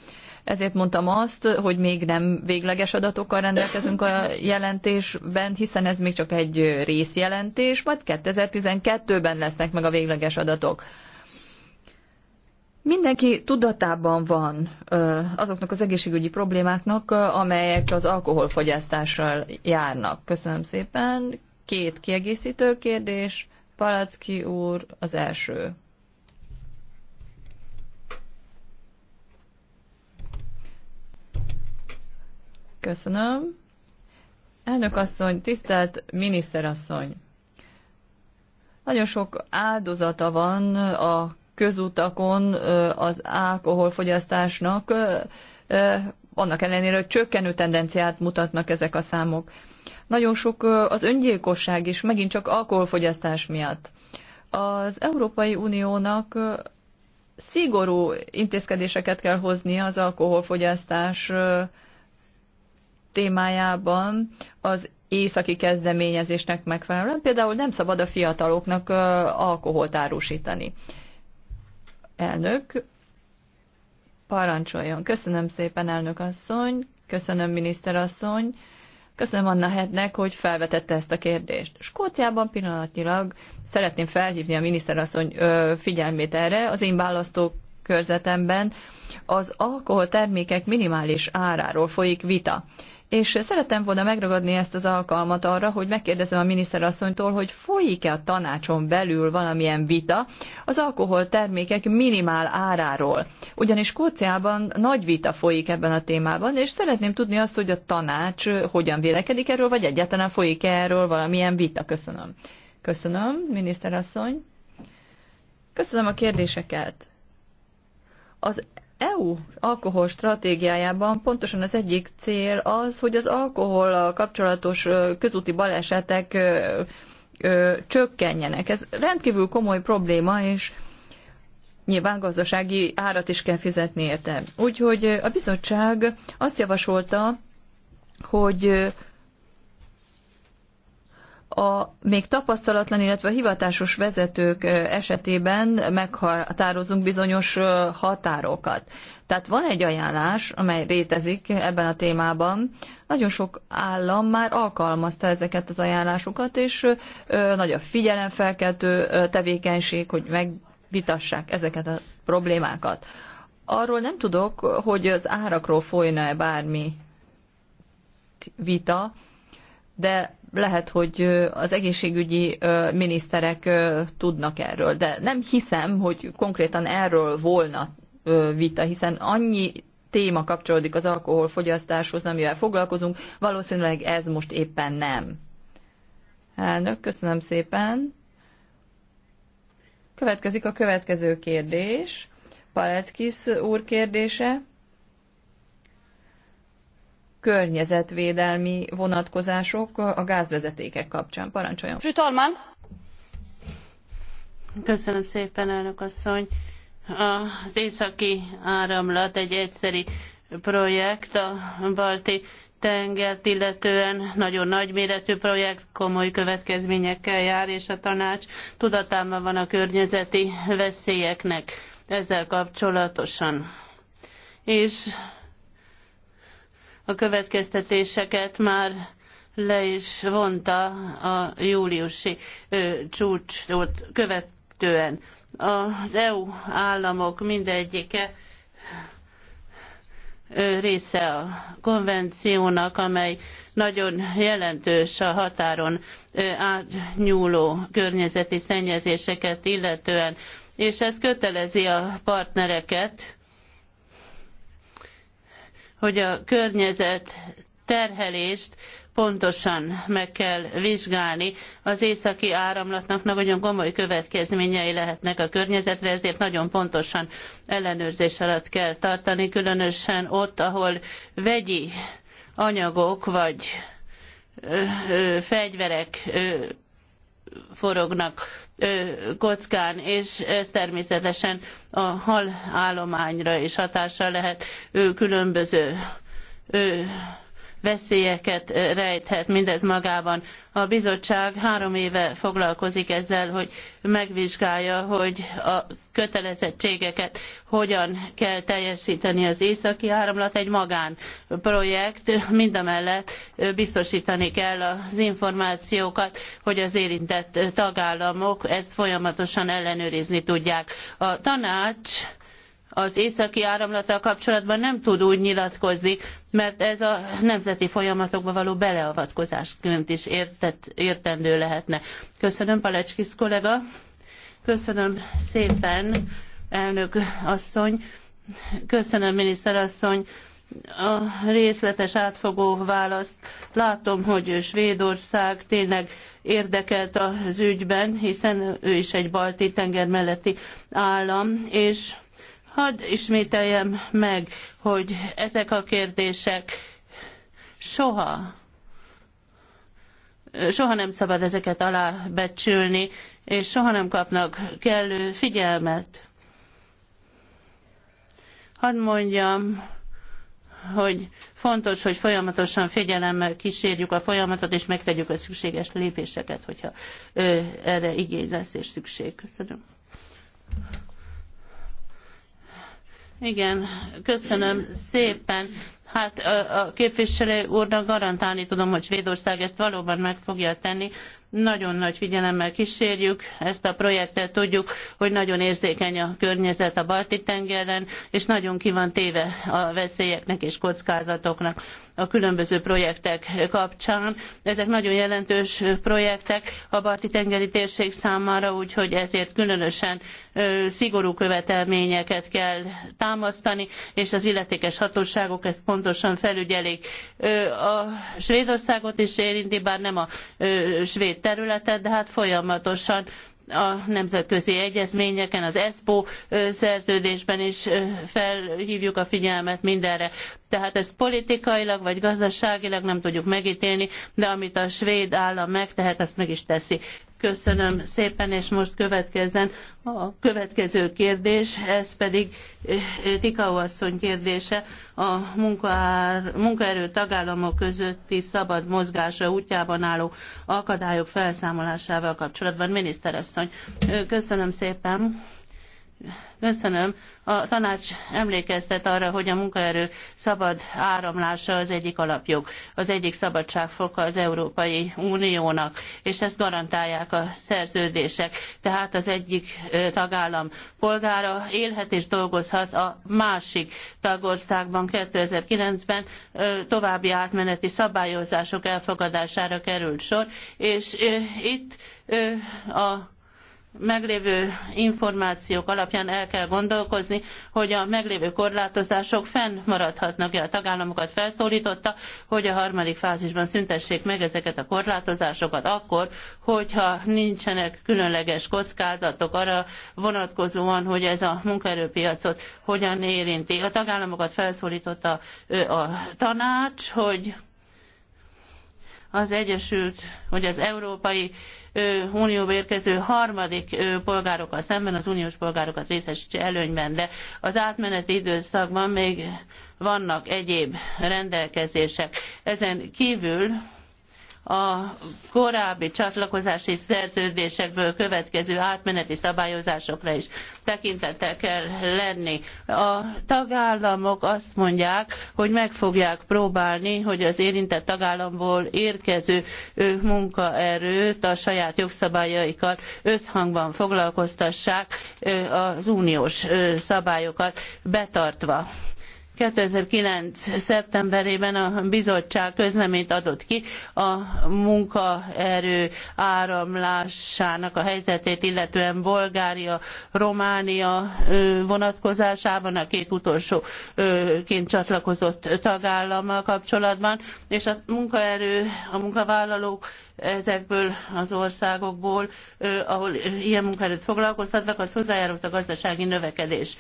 Ezért mondtam azt, hogy még nem végleges adatokkal rendelkezünk a jelentésben, hiszen ez még csak egy részjelentés, majd 2012-ben lesznek meg a végleges adatok. Mindenki tudatában van eh, azoknak az egészségügyi problémáknak, eh, amelyek az alkoholfogyasztással járnak. Köszönöm szépen. Két kiegészítő kérdés. Palacki úr az első. Köszönöm. Elnök asszony, tisztelt miniszterasszony! Nagyon sok áldozata van a közutakon az alkoholfogyasztásnak, annak ellenére, hogy csökkenő tendenciát mutatnak ezek a számok. Nagyon sok az öngyilkosság is, megint csak alkoholfogyasztás miatt. Az Európai Uniónak szigorú intézkedéseket kell hoznia az alkoholfogyasztás témájában az északi kezdeményezésnek megfelelően. Például nem szabad a fiataloknak alkoholt árusítani. Elnök, parancsoljon. Köszönöm szépen, elnök asszony, köszönöm miniszter asszony. Köszönöm Anna Hednek, hogy felvetette ezt a kérdést. Skóciában pillanatnyilag szeretném felhívni a miniszterasszony figyelmét erre. Az én választókörzetemben az alkoholtermékek minimális áráról folyik vita. És szerettem volna megragadni ezt az alkalmat arra, hogy megkérdezem a miniszterasszonytól, hogy folyik-e a tanácson belül valamilyen vita az alkoholtermékek minimál áráról. Ugyanis Skóciában nagy vita folyik ebben a témában, és szeretném tudni azt, hogy a tanács eh, hogyan vélekedik erről, vagy egyáltalán folyik-e erről valamilyen vita. Köszönöm. Köszönöm, miniszterasszony. Köszönöm a kérdéseket. Az EU alkohol stratégiájában pontosan az egyik cél az, hogy az alkohol kapcsolatos közúti balesetek csökkenjenek. Ez rendkívül komoly probléma, és nyilván gazdasági árat is kell fizetni érte. Úgyhogy a bizottság azt javasolta, hogy a még tapasztalatlan, illetve hivatásos vezetők esetében meghatározunk bizonyos határokat. Tehát van egy ajánlás, amely rétezik ebben a témában. Nagyon sok állam már alkalmazta ezeket az ajánlásokat, és nagy a figyelemfelkeltő tevékenység, hogy megvitassák ezeket a problémákat. Arról nem tudok, hogy az árakról folyna-e bármi vita, de lehet, hogy az egészségügyi miniszterek tudnak erről, de nem hiszem, hogy konkrétan erről volna vita, hiszen annyi téma kapcsolódik az alkoholfogyasztáshoz, amivel foglalkozunk, valószínűleg ez most éppen nem. Elnök, köszönöm szépen. Következik a következő kérdés. Paleckis úr kérdése környezetvédelmi vonatkozások a gázvezetékek kapcsán. Parancsoljon! Fru talman! Köszönöm szépen, elnök asszony! Az északi áramlat egy egyszeri projekt a balti tengert illetően nagyon nagyméretű projekt, komoly következményekkel jár, és a tanács tudatában van a környezeti veszélyeknek ezzel kapcsolatosan. És a következtetéseket már le is vonta a júliusi ö, csúcsot követően. Az EU államok mindegyike része a konvenciónak, amely nagyon jelentős a határon átnyúló környezeti szennyezéseket illetően, és ez kötelezi a partnereket, hogy a környezet terhelést pontosan meg kell vizsgálni. Az északi áramlatnak nagyon komoly következményei lehetnek a környezetre, ezért nagyon pontosan ellenőrzés alatt kell tartani, különösen ott, ahol vegyi anyagok vagy ö, ö, fegyverek ö, forognak kockán, és ez természetesen a hal állományra is hatással lehet különböző veszélyeket rejthet mindez magában. A bizottság három éve foglalkozik ezzel, hogy megvizsgálja, hogy a kötelezettségeket hogyan kell teljesíteni az északi áramlat. Egy magánprojekt, mindamellett biztosítani kell az információkat, hogy az érintett tagállamok ezt folyamatosan ellenőrizni tudják. A tanács az északi áramlattal kapcsolatban nem tud úgy nyilatkozni, mert ez a nemzeti folyamatokba való beleavatkozásként is értett, értendő lehetne. Köszönöm, Palecskis kollega. Köszönöm szépen, elnök asszony. Köszönöm, miniszter asszony a részletes átfogó választ. Látom, hogy Svédország tényleg érdekelt az ügyben, hiszen ő is egy balti tenger melletti állam, és Hadd ismételjem meg, hogy ezek a kérdések soha soha nem szabad ezeket alábecsülni, és soha nem kapnak kellő figyelmet. Hadd mondjam, hogy fontos, hogy folyamatosan figyelemmel kísérjük a folyamatot, és megtegyük a szükséges lépéseket, hogyha erre igény lesz és szükség. Köszönöm. Igen, köszönöm szépen. Hát a képviselő úrnak garantálni tudom, hogy Svédország ezt valóban meg fogja tenni nagyon nagy figyelemmel kísérjük ezt a projektet, tudjuk, hogy nagyon érzékeny a környezet a Balti-tengeren, és nagyon ki van téve a veszélyeknek és kockázatoknak a különböző projektek kapcsán. Ezek nagyon jelentős projektek a Balti-tengeri térség számára, úgyhogy ezért különösen szigorú követelményeket kell támasztani, és az illetékes hatóságok ezt pontosan felügyelik. a Svédországot is érinti, bár nem a svéd egy területet, de hát folyamatosan a nemzetközi egyezményeken, az ESPO szerződésben is felhívjuk a figyelmet mindenre. Tehát ezt politikailag vagy gazdaságilag nem tudjuk megítélni, de amit a svéd állam megtehet, azt meg is teszi. Köszönöm szépen, és most következzen a következő kérdés, ez pedig eh, Tikau asszony kérdése, a munkaár, munkaerő tagállamok közötti szabad mozgása útjában álló akadályok felszámolásával kapcsolatban. asszony, eh, köszönöm szépen. Köszönöm. A tanács emlékeztet arra, hogy a munkaerő szabad áramlása az egyik alapjog, az egyik szabadságfoka az Európai Uniónak, és ezt garantálják a szerződések. Tehát az egyik tagállam polgára élhet és dolgozhat a másik tagországban 2009-ben további átmeneti szabályozások elfogadására került sor, és itt a meglévő információk alapján el kell gondolkozni, hogy a meglévő korlátozások fennmaradhatnak-e. A tagállamokat felszólította, hogy a harmadik fázisban szüntessék meg ezeket a korlátozásokat akkor, hogyha nincsenek különleges kockázatok arra vonatkozóan, hogy ez a munkaerőpiacot hogyan érinti. A tagállamokat felszólította a tanács, hogy az Egyesült vagy az Európai Unióba érkező harmadik polgárokkal szemben az uniós polgárokat részesítse előnyben, de az átmeneti időszakban még vannak egyéb rendelkezések. Ezen kívül a korábbi csatlakozási szerződésekből következő átmeneti szabályozásokra is tekintettel kell lenni. A tagállamok azt mondják, hogy meg fogják próbálni, hogy az érintett tagállamból érkező munkaerőt a saját jogszabályaikkal összhangban foglalkoztassák az uniós szabályokat betartva 2009. szeptemberében a bizottság közleményt adott ki a munkaerő áramlásának a helyzetét, illetően Bulgária, Románia vonatkozásában a két utolsóként csatlakozott tagállammal kapcsolatban, és a munkaerő, a munkavállalók ezekből az országokból, ahol ilyen munkáról foglalkoztatnak, az hozzájárult a gazdasági növekedéshez.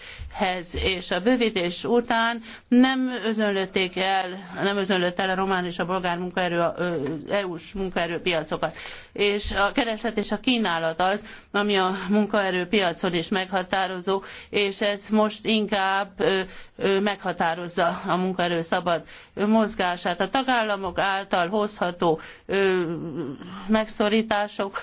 És a bővítés után nem özönlötték el, nem özönlött el a román és a bolgár munkaerő, EU-s munkaerőpiacokat. És a kereslet és a kínálat az, ami a munkaerőpiacon is meghatározó, és ez most inkább meghatározza a munkaerő szabad mozgását. A tagállamok által hozható megszorítások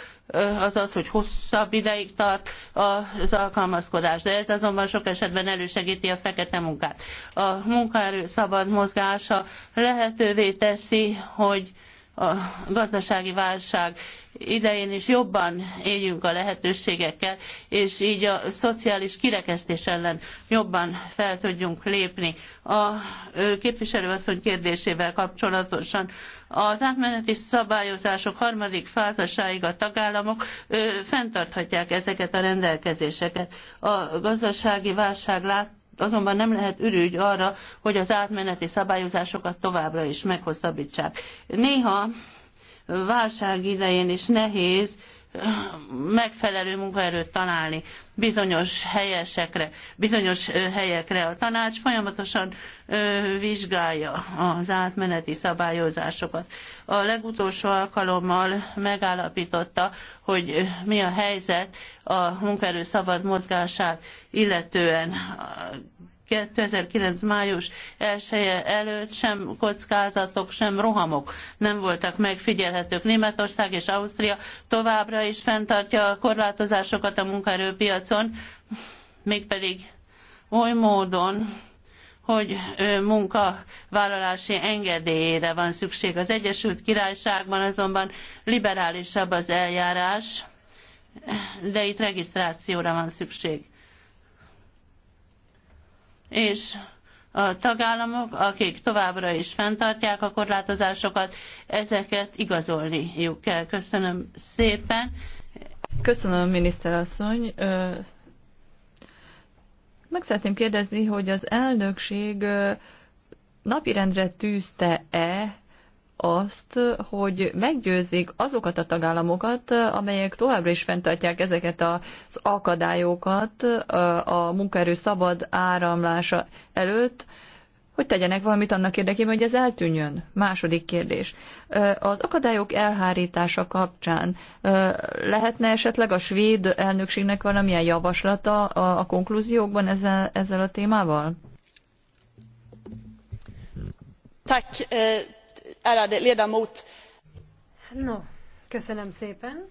azaz hogy hosszabb ideig tart az alkalmazkodás, de ez azonban sok esetben elősegíti a fekete munkát. A munkaerő szabad mozgása lehetővé teszi, hogy a gazdasági válság idején is jobban éljünk a lehetőségekkel, és így a szociális kirekesztés ellen jobban fel tudjunk lépni. A képviselőasszony kérdésével kapcsolatosan az átmeneti szabályozások harmadik fázasáig a tagállamok fenntarthatják ezeket a rendelkezéseket. A gazdasági válság lát azonban nem lehet ürügy arra, hogy az átmeneti szabályozásokat továbbra is meghosszabbítsák. Néha válság idején is nehéz megfelelő munkaerőt találni bizonyos helyesekre, bizonyos helyekre. A tanács folyamatosan vizsgálja az átmeneti szabályozásokat. A legutolsó alkalommal megállapította, hogy mi a helyzet a munkaerő szabad mozgását illetően 2009. május 1 -e előtt sem kockázatok, sem rohamok nem voltak megfigyelhetők. Németország és Ausztria továbbra is fenntartja a korlátozásokat a munkaerőpiacon, mégpedig oly módon, hogy munkavállalási engedélyére van szükség. Az Egyesült Királyságban azonban liberálisabb az eljárás, de itt regisztrációra van szükség és a tagállamok, akik továbbra is fenntartják a korlátozásokat, ezeket igazolniuk kell. Köszönöm szépen. Köszönöm, miniszterasszony. Meg szeretném kérdezni, hogy az elnökség napirendre tűzte-e azt, hogy meggyőzik azokat a tagállamokat, amelyek továbbra is fenntartják ezeket az akadályokat a munkaerő szabad áramlása előtt, hogy tegyenek valamit annak érdekében, hogy ez eltűnjön. Második kérdés. Az akadályok elhárítása kapcsán lehetne esetleg a svéd elnökségnek valamilyen javaslata a konklúziókban ezzel, ezzel a témával? Tack, ärade ledamot! No, köszönöm szépen.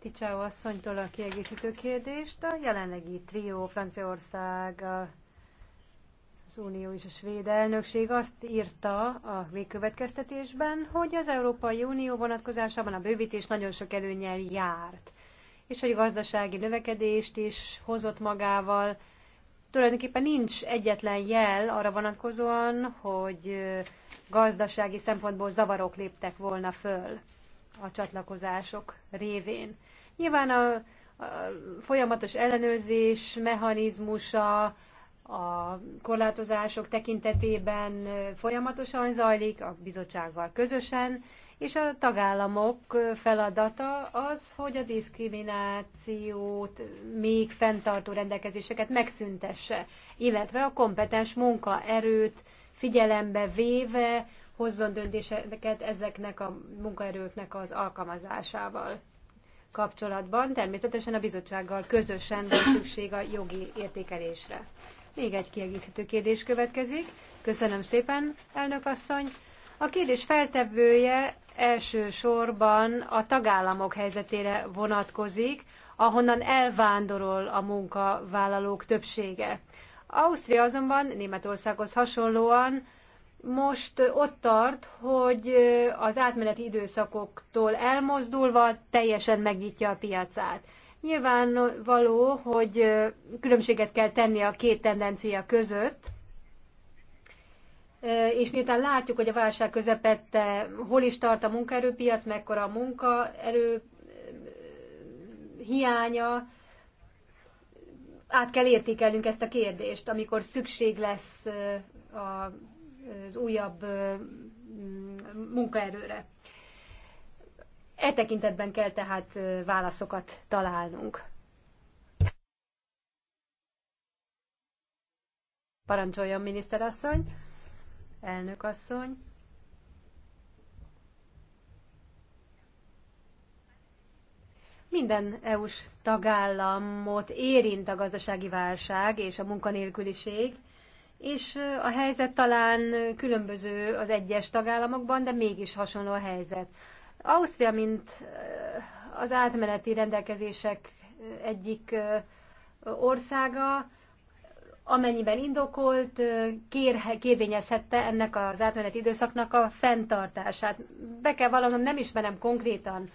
Ticsáó asszonytól a kiegészítő kérdést. A jelenlegi trió Franciaország, az Unió és a Svéd elnökség azt írta a végkövetkeztetésben, hogy az Európai Unió vonatkozásában a bővítés nagyon sok előnyel járt, és hogy gazdasági növekedést is hozott magával, tulajdonképpen nincs egyetlen jel arra vonatkozóan, hogy gazdasági szempontból zavarok léptek volna föl a csatlakozások révén. Nyilván a, a folyamatos ellenőrzés mechanizmusa a korlátozások tekintetében folyamatosan zajlik, a bizottsággal közösen, és a tagállamok feladata az, hogy a diszkriminációt még fenntartó rendelkezéseket megszüntesse, illetve a kompetens munkaerőt figyelembe véve hozzon döntéseket ezeknek a munkaerőknek az alkalmazásával kapcsolatban. Természetesen a bizottsággal közösen van szükség a jogi értékelésre. Még egy kiegészítő kérdés következik. Köszönöm szépen, elnök asszony. A kérdés feltevője elsősorban a tagállamok helyzetére vonatkozik, ahonnan elvándorol a munkavállalók többsége. Ausztria azonban Németországhoz hasonlóan most ott tart, hogy az átmeneti időszakoktól elmozdulva teljesen megnyitja a piacát. Nyilvánvaló, hogy különbséget kell tenni a két tendencia között, és miután látjuk, hogy a válság közepette hol is tart a munkaerőpiac, mekkora a munkaerő hiánya, át kell értékelnünk ezt a kérdést, amikor szükség lesz az újabb munkaerőre. E tekintetben kell tehát válaszokat találnunk. Parancsoljon, miniszterasszony! elnök asszony. Minden EU-s tagállamot érint a gazdasági válság és a munkanélküliség, és a helyzet talán különböző az egyes tagállamokban, de mégis hasonló a helyzet. Ausztria, mint az átmeneti rendelkezések egyik országa, amennyiben indokolt, kérhe, kérvényezhette ennek az átmeneti időszaknak a fenntartását. Be kell vallanom, nem ismerem konkrétan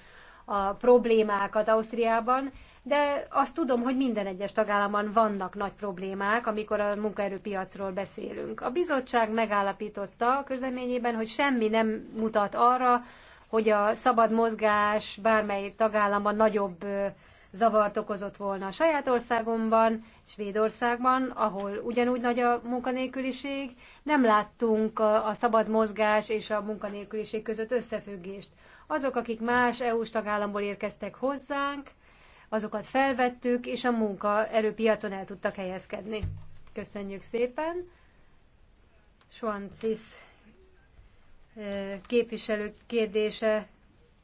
a problémákat Ausztriában, de azt tudom, hogy minden egyes tagállamban vannak nagy problémák, amikor a munkaerőpiacról beszélünk. A bizottság megállapította a közleményében, hogy semmi nem mutat arra, hogy a szabad mozgás bármely tagállamban nagyobb zavart okozott volna a saját országomban, Svédországban, ahol ugyanúgy nagy a munkanélküliség, nem láttunk a, szabad mozgás és a munkanélküliség között összefüggést. Azok, akik más EU-s tagállamból érkeztek hozzánk, azokat felvettük, és a munkaerőpiacon el tudtak helyezkedni. Köszönjük szépen! Svancis eh, képviselő kérdése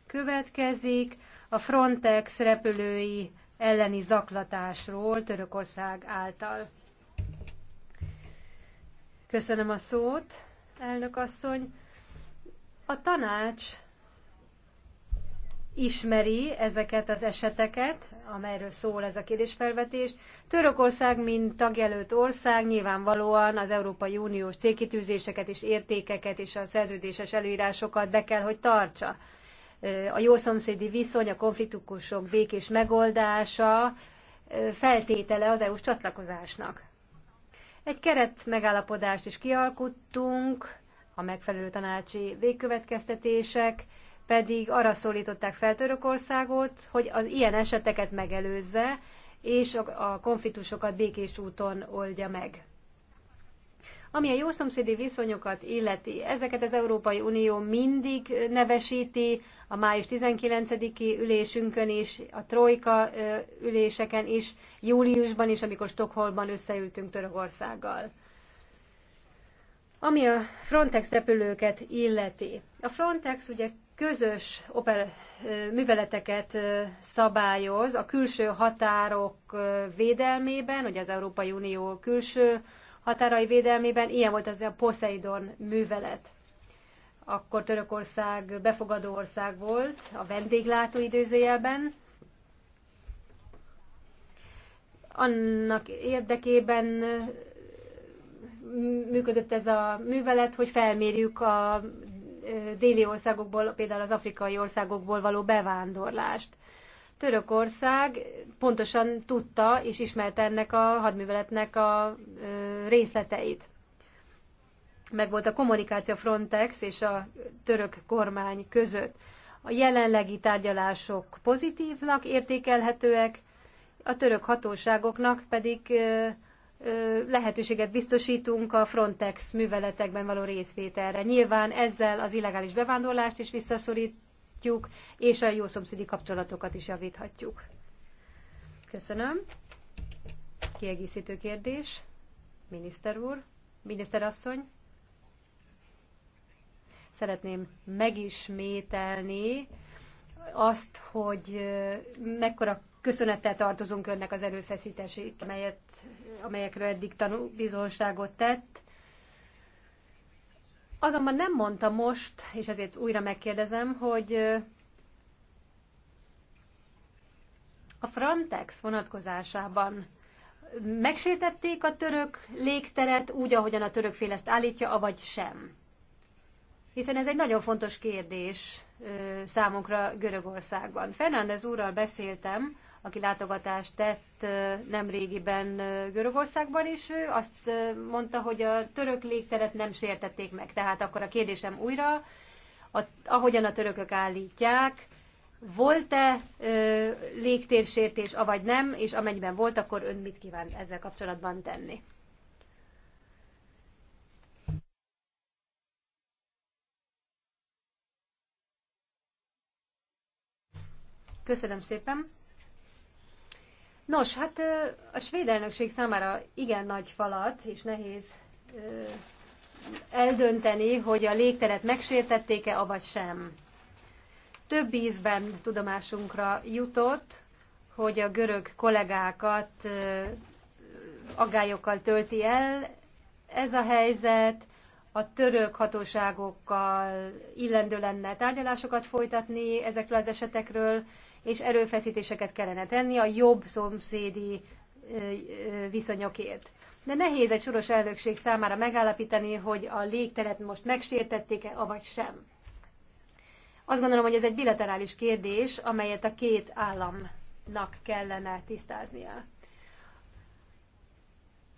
következik a Frontex repülői elleni zaklatásról Törökország által. Köszönöm a szót, elnök asszony. A tanács ismeri ezeket az eseteket, amelyről szól ez a kérdésfelvetés. Törökország, mint tagjelölt ország, nyilvánvalóan az Európai Uniós célkitűzéseket és értékeket és a szerződéses előírásokat be kell, hogy tartsa a jó szomszédi viszony, a konfliktusok békés megoldása feltétele az EU-s csatlakozásnak. Egy keret megállapodást is kialkuttunk, a megfelelő tanácsi végkövetkeztetések pedig arra szólították fel Törökországot, hogy az ilyen eseteket megelőzze, és a konfliktusokat békés úton oldja meg. Ami a jószomszédi viszonyokat illeti, ezeket az Európai Unió mindig nevesíti, a május 19-i ülésünkön is, a trojka üléseken is, júliusban is, amikor Stockholmban összeültünk Törökországgal. Ami a Frontex repülőket illeti. A Frontex ugye közös oper, műveleteket szabályoz a külső határok védelmében, ugye az Európai Unió külső határai védelmében, ilyen volt az a Poseidon művelet. Akkor Törökország befogadó ország volt, a vendéglátó időzőjelben. Annak érdekében eh, működött ez a művelet, hogy felmérjük a eh, déli országokból, például az afrikai országokból való bevándorlást. Törökország pontosan tudta és ismerte ennek a hadműveletnek a részleteit. Meg volt a kommunikáció Frontex és a török kormány között. A jelenlegi tárgyalások pozitívnak értékelhetőek, a török hatóságoknak pedig lehetőséget biztosítunk a Frontex műveletekben való részvételre. Nyilván ezzel az illegális bevándorlást is visszaszorít, javíthatjuk, és a jó szomszédi kapcsolatokat is javíthatjuk. Köszönöm. Kiegészítő kérdés. Miniszter úr, miniszterasszony. Szeretném megismételni azt, hogy mekkora köszönettel tartozunk önnek az erőfeszítését, amelyet, amelyekről eddig tanú bizonságot tett Azonban nem mondta most, és ezért újra megkérdezem, hogy a Frontex vonatkozásában megsértették a török légteret úgy, ahogyan a török fél ezt állítja, avagy sem? Hiszen ez egy nagyon fontos kérdés számunkra Görögországban. Fernández úrral beszéltem, aki látogatást tett nemrégiben Görögországban, is, ő azt mondta, hogy a török légteret nem sértették meg. Tehát akkor a kérdésem újra, a, ahogyan a törökök állítják, volt-e ö, légtérsértés, avagy nem, és amennyiben volt, akkor ön mit kíván ezzel kapcsolatban tenni? Köszönöm szépen! Nos, hát a svéd elnökség számára igen nagy falat, és nehéz eldönteni, hogy a légteret megsértették-e, avagy sem. Több ízben tudomásunkra jutott, hogy a görög kollégákat aggályokkal tölti el ez a helyzet, a török hatóságokkal illendő lenne tárgyalásokat folytatni ezekről az esetekről, és erőfeszítéseket kellene tenni a jobb szomszédi viszonyokért. De nehéz egy soros elnökség számára megállapítani, hogy a légteret most megsértették-e, avagy sem. Azt gondolom, hogy ez egy bilaterális kérdés, amelyet a két államnak kellene tisztáznia.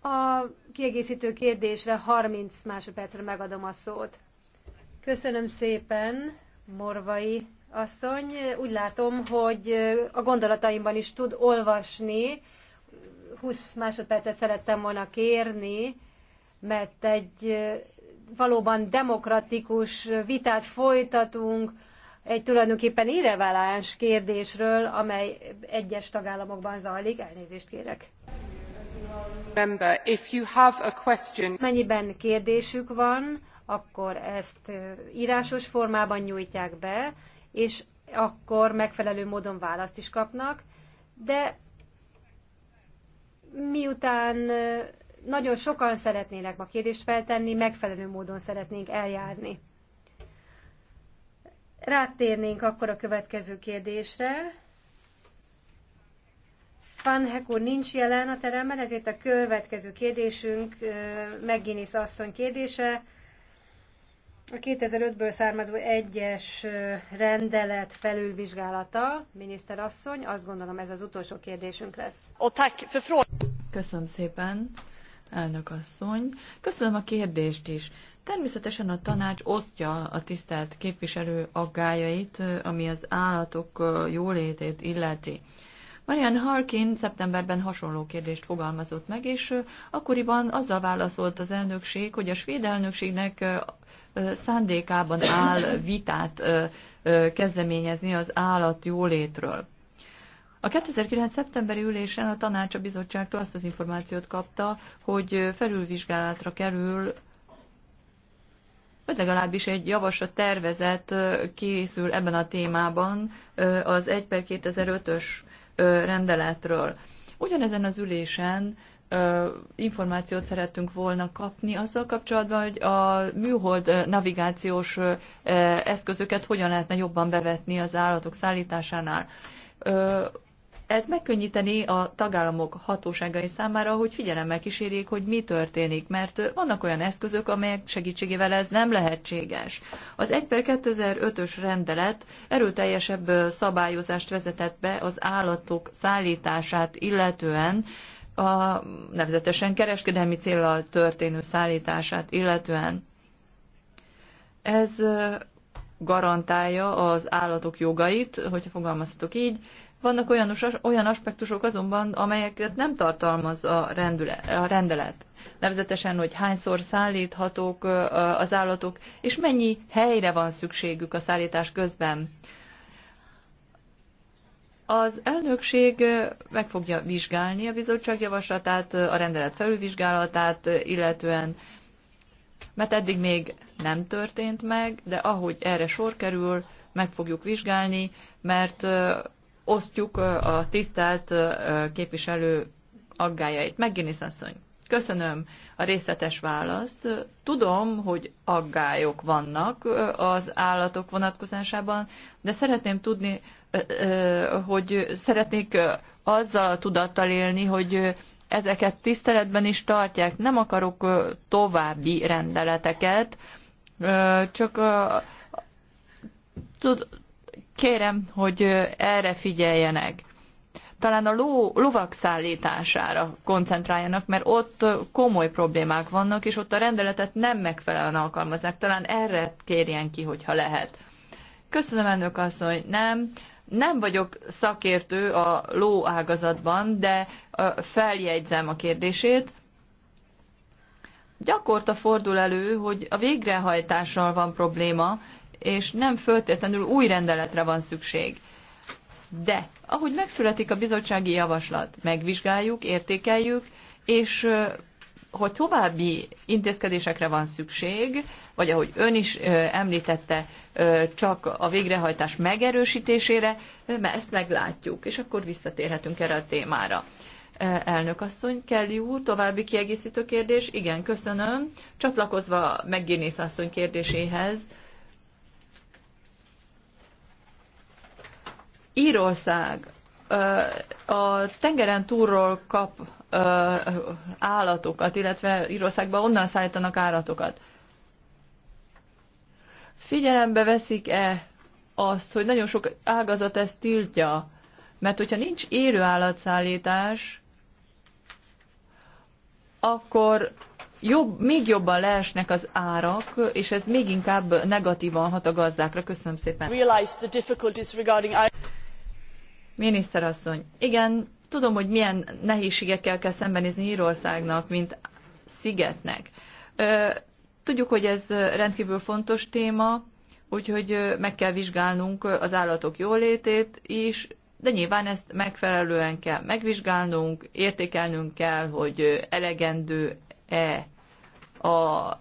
A kiegészítő kérdésre 30 másodpercre megadom a szót. Köszönöm szépen, Morvai asszony, úgy látom, hogy a gondolataimban is tud olvasni. 20 másodpercet szerettem volna kérni, mert egy valóban demokratikus vitát folytatunk egy tulajdonképpen irreváláns kérdésről, amely egyes tagállamokban zajlik. Elnézést kérek. if you have a question... Mennyiben kérdésük van, akkor ezt írásos formában nyújtják be, és akkor megfelelő módon választ is kapnak, de miután nagyon sokan szeretnének ma kérdést feltenni, megfelelő módon szeretnénk eljárni. Rátérnénk akkor a következő kérdésre. Van, úr nincs jelen a teremben, ezért a következő kérdésünk Megginis asszony kérdése, a 2005-ből származó egyes rendelet felülvizsgálata, miniszterasszony, azt gondolom ez az utolsó kérdésünk lesz. Köszönöm szépen, elnök asszony. Köszönöm a kérdést is. Természetesen a tanács osztja a tisztelt képviselő aggájait, ami az állatok jólétét illeti. Marian Harkin szeptemberben hasonló kérdést fogalmazott meg, és akkoriban azzal válaszolt az elnökség, hogy a svéd elnökségnek szándékában áll vitát kezdeményezni az jólétről. A 2009. szeptemberi ülésen a tanács a bizottságtól azt az információt kapta, hogy felülvizsgálatra kerül, vagy legalábbis egy javaslat tervezet készül ebben a témában az 1 per 2005-ös rendeletről. Ugyanezen az ülésen információt szerettünk volna kapni azzal kapcsolatban, hogy a műhold navigációs eszközöket hogyan lehetne jobban bevetni az állatok szállításánál. Ez megkönnyíteni a tagállamok hatóságai számára, hogy figyelemmel kísérjék, hogy mi történik, mert vannak olyan eszközök, amelyek segítségével ez nem lehetséges. Az 1 per 2005-ös rendelet erőteljesebb szabályozást vezetett be az állatok szállítását illetően, a nevezetesen kereskedelmi célral történő szállítását illetően. Ez garantálja az állatok jogait, hogyha fogalmazhatok így. Vannak olyan, olyan aspektusok azonban, amelyeket nem tartalmaz a, rendület, a rendelet. Nevezetesen, hogy hányszor szállíthatók az állatok, és mennyi helyre van szükségük a szállítás közben. Az elnökség meg fogja vizsgálni a bizottság javaslatát, a rendelet felülvizsgálatát, illetően, mert eddig még nem történt meg, de ahogy erre sor kerül, meg fogjuk vizsgálni, mert osztjuk a tisztelt képviselő aggájait. Megginis asszony, köszönöm a részletes választ. Tudom, hogy aggályok vannak az állatok vonatkozásában, de szeretném tudni, hogy szeretnék azzal a tudattal élni, hogy ezeket tiszteletben is tartják. Nem akarok további rendeleteket, csak tud, kérem, hogy erre figyeljenek. Talán a ló, lovak szállítására koncentráljanak, mert ott komoly problémák vannak, és ott a rendeletet nem megfelelően alkalmaznak. Talán erre kérjen ki, hogyha lehet. Köszönöm, elnök asszony, nem. Nem vagyok szakértő a ló ágazatban, de feljegyzem a kérdését. Gyakorta fordul elő, hogy a végrehajtással van probléma, és nem föltétlenül új rendeletre van szükség. De ahogy megszületik a bizottsági javaslat, megvizsgáljuk, értékeljük, és hogy további intézkedésekre van szükség, vagy ahogy ön is említette, csak a végrehajtás megerősítésére, mert ezt meglátjuk, és akkor visszatérhetünk erre a témára. Elnök asszony, Kelly úr, további kiegészítő kérdés? Igen, köszönöm. Csatlakozva McGuinness asszony kérdéséhez, Írország a tengeren túlról kap állatokat, illetve Írországban onnan szállítanak állatokat figyelembe veszik-e azt, hogy nagyon sok ágazat ezt tiltja? Mert hogyha nincs élő állatszállítás, akkor jobb, még jobban leesnek az árak, és ez még inkább negatívan hat a gazdákra. Köszönöm szépen. Miniszterasszony, igen, tudom, hogy milyen nehézségekkel kell szembenézni Írországnak, mint szigetnek. Tudjuk, hogy ez rendkívül fontos téma, úgyhogy meg kell vizsgálnunk az állatok jólétét is, de nyilván ezt megfelelően kell megvizsgálnunk, értékelnünk kell, hogy elegendő-e az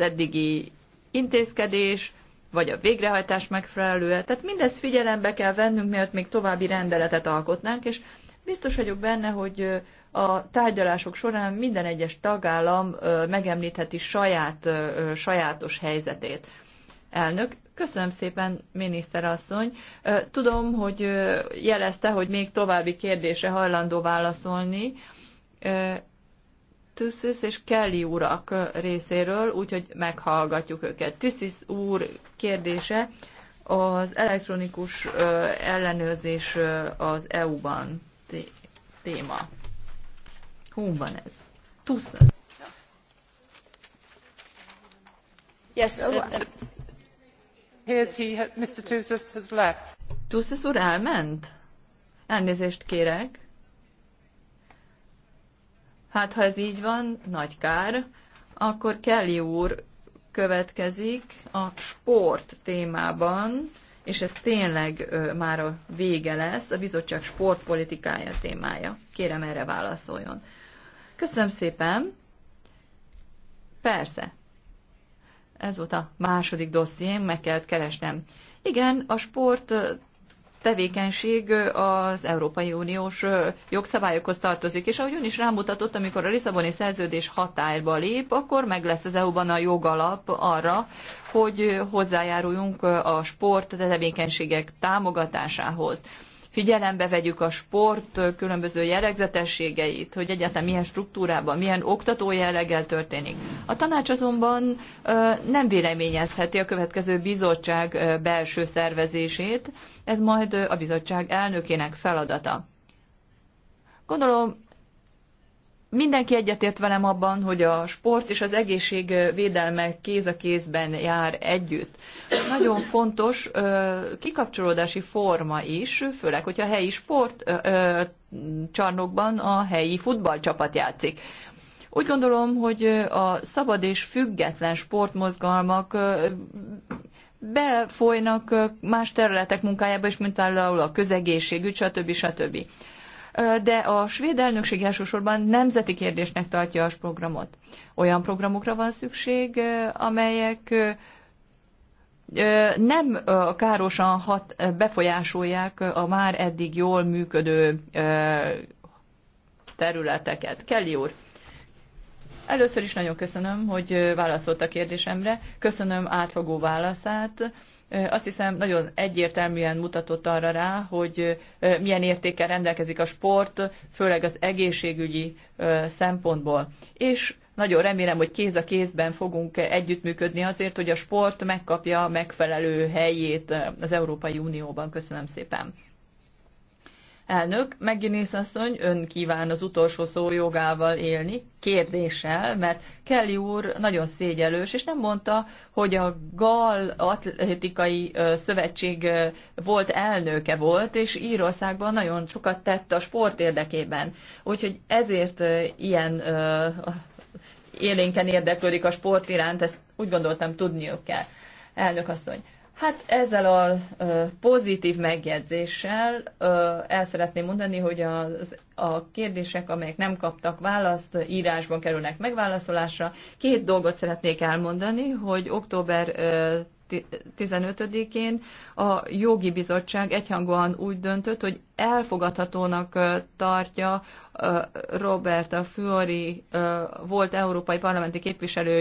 eddigi intézkedés, vagy a végrehajtás megfelelően. Tehát mindezt figyelembe kell vennünk, mielőtt még további rendeletet alkotnánk, és biztos vagyok benne, hogy a tárgyalások során minden egyes tagállam megemlítheti saját sajátos helyzetét. Elnök, köszönöm szépen, miniszterasszony. Tudom, hogy jelezte, hogy még további kérdése hajlandó válaszolni. Tüsszisz és Kelly urak részéről, úgyhogy meghallgatjuk őket. Tüsszisz úr kérdése az elektronikus ellenőrzés az EU-ban téma. Hol van ez? Tusz ez. Yes. Uh, here's he, Mr. Tuzas has left. Tuzas úr elment? Elnézést kérek. Hát, ha ez így van, nagy kár. Akkor Kelly úr következik a sport témában, és ez tényleg ö, már a vége lesz, a bizottság sportpolitikája témája. Kérem erre válaszoljon. Köszönöm szépen. Persze. Ez volt a második dossziém, meg kellett keresnem. Igen, a sport tevékenység az Európai Uniós jogszabályokhoz tartozik, és ahogy ön is rámutatott, amikor a Lisszaboni szerződés hatályba lép, akkor meg lesz az EU-ban a jogalap arra, hogy hozzájáruljunk a sport tevékenységek támogatásához figyelembe vegyük a sport különböző jellegzetességeit, hogy egyáltalán milyen struktúrában, milyen oktató jelleggel történik. A tanács azonban nem véleményezheti a következő bizottság belső szervezését, ez majd a bizottság elnökének feladata. Gondolom Mindenki egyetért velem abban, hogy a sport és az egészség védelme kéz a kézben jár együtt. Nagyon fontos kikapcsolódási forma is, főleg, hogyha a helyi sportcsarnokban a helyi futballcsapat játszik. Úgy gondolom, hogy a szabad és független sportmozgalmak befolynak más területek munkájába is, mint például a közegészségügy, stb. stb. stb de a svéd elnökség elsősorban nemzeti kérdésnek tartja a programot. Olyan programokra van szükség, amelyek nem károsan hat, befolyásolják a már eddig jól működő területeket. Kelly úr, először is nagyon köszönöm, hogy válaszolt a kérdésemre. Köszönöm átfogó válaszát azt hiszem nagyon egyértelműen mutatott arra rá, hogy milyen értékkel rendelkezik a sport, főleg az egészségügyi szempontból. És nagyon remélem, hogy kéz a kézben fogunk együttműködni azért, hogy a sport megkapja megfelelő helyét az Európai Unióban. Köszönöm szépen. Elnök, Megginész asszony, ön kíván az utolsó szó jogával élni, kérdéssel, mert Kelly úr nagyon szégyelős, és nem mondta, hogy a Gal Atlétikai Szövetség volt elnöke volt, és Írországban nagyon sokat tett a sport érdekében. Úgyhogy ezért ilyen élénken érdeklődik a sport iránt, ezt úgy gondoltam tudniuk kell. Elnök asszony, Hát ezzel a pozitív megjegyzéssel el szeretném mondani, hogy az, a kérdések, amelyek nem kaptak választ, írásban kerülnek megválaszolásra. Két dolgot szeretnék elmondani, hogy október 15-én a jogi bizottság egyhangúan úgy döntött, hogy elfogadhatónak tartja Roberta Fiori volt európai parlamenti képviselő